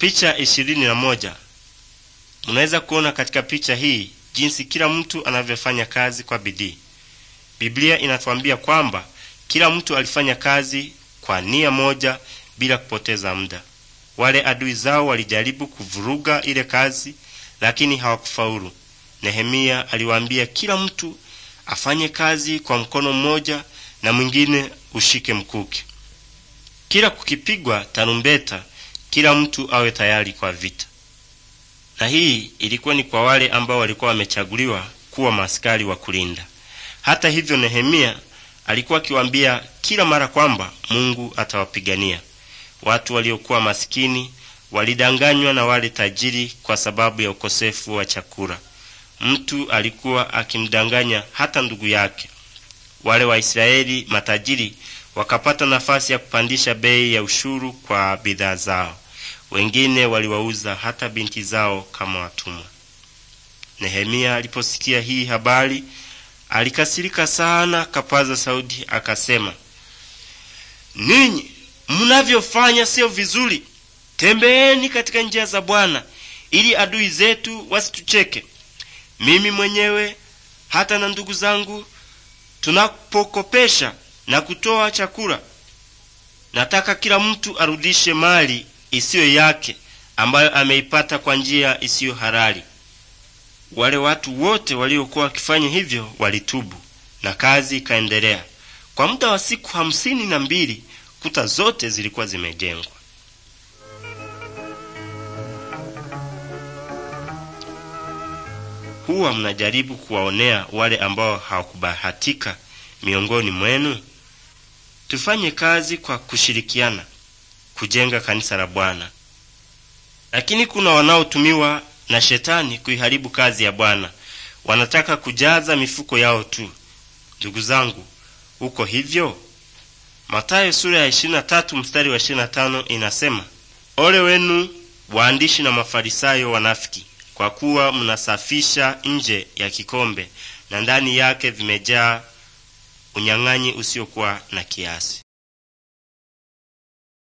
Picha ishirini na moja. Munaweza kuona katika picha hii jinsi kila mtu anavyofanya kazi kwa bidii. Biblia inatuambia kwamba kila mtu alifanya kazi kwa nia moja bila kupoteza muda. Wale adui zao walijaribu kuvuruga ile kazi, lakini hawakufaulu. Nehemia aliwaambia kila mtu afanye kazi kwa mkono mmoja na mwingine ushike mkuki. Kila kukipigwa tarumbeta kila mtu awe tayari kwa vita. Na hii ilikuwa ni kwa wale ambao walikuwa wamechaguliwa kuwa maaskari wa kulinda. Hata hivyo, Nehemia alikuwa akiwaambia kila mara kwamba Mungu atawapigania. Watu waliokuwa masikini walidanganywa na wale tajiri kwa sababu ya ukosefu wa chakula. Mtu alikuwa akimdanganya hata ndugu yake. Wale Waisraeli matajiri wakapata nafasi ya kupandisha bei ya ushuru kwa bidhaa zao wengine waliwauza hata binti zao kama watumwa. Nehemia aliposikia hii habari alikasirika sana, kapaza sauti akasema, ninyi mnavyofanya siyo vizuri. Tembeeni katika njia za Bwana ili adui zetu wasitucheke. Mimi mwenyewe hata na ndugu zangu tunapokopesha na kutoa chakula, nataka kila mtu arudishe mali isiyo yake ambayo ameipata kwa njia isiyo halali. Wale watu wote waliokuwa wakifanya hivyo walitubu na kazi ikaendelea. Kwa muda wa siku hamsini na mbili kuta zote zilikuwa zimejengwa. Huwa mnajaribu kuwaonea wale ambao hawakubahatika miongoni mwenu. Tufanye kazi kwa kushirikiana kujenga kanisa la Bwana, lakini kuna wanaotumiwa na shetani kuiharibu kazi ya Bwana. Wanataka kujaza mifuko yao tu. Ndugu zangu, uko hivyo? Mathayo sura ya 23 mstari wa 25 inasema, ole wenu waandishi na Mafarisayo wanafiki, kwa kuwa mnasafisha nje ya kikombe na ndani yake vimejaa unyang'anyi usiokuwa na kiasi.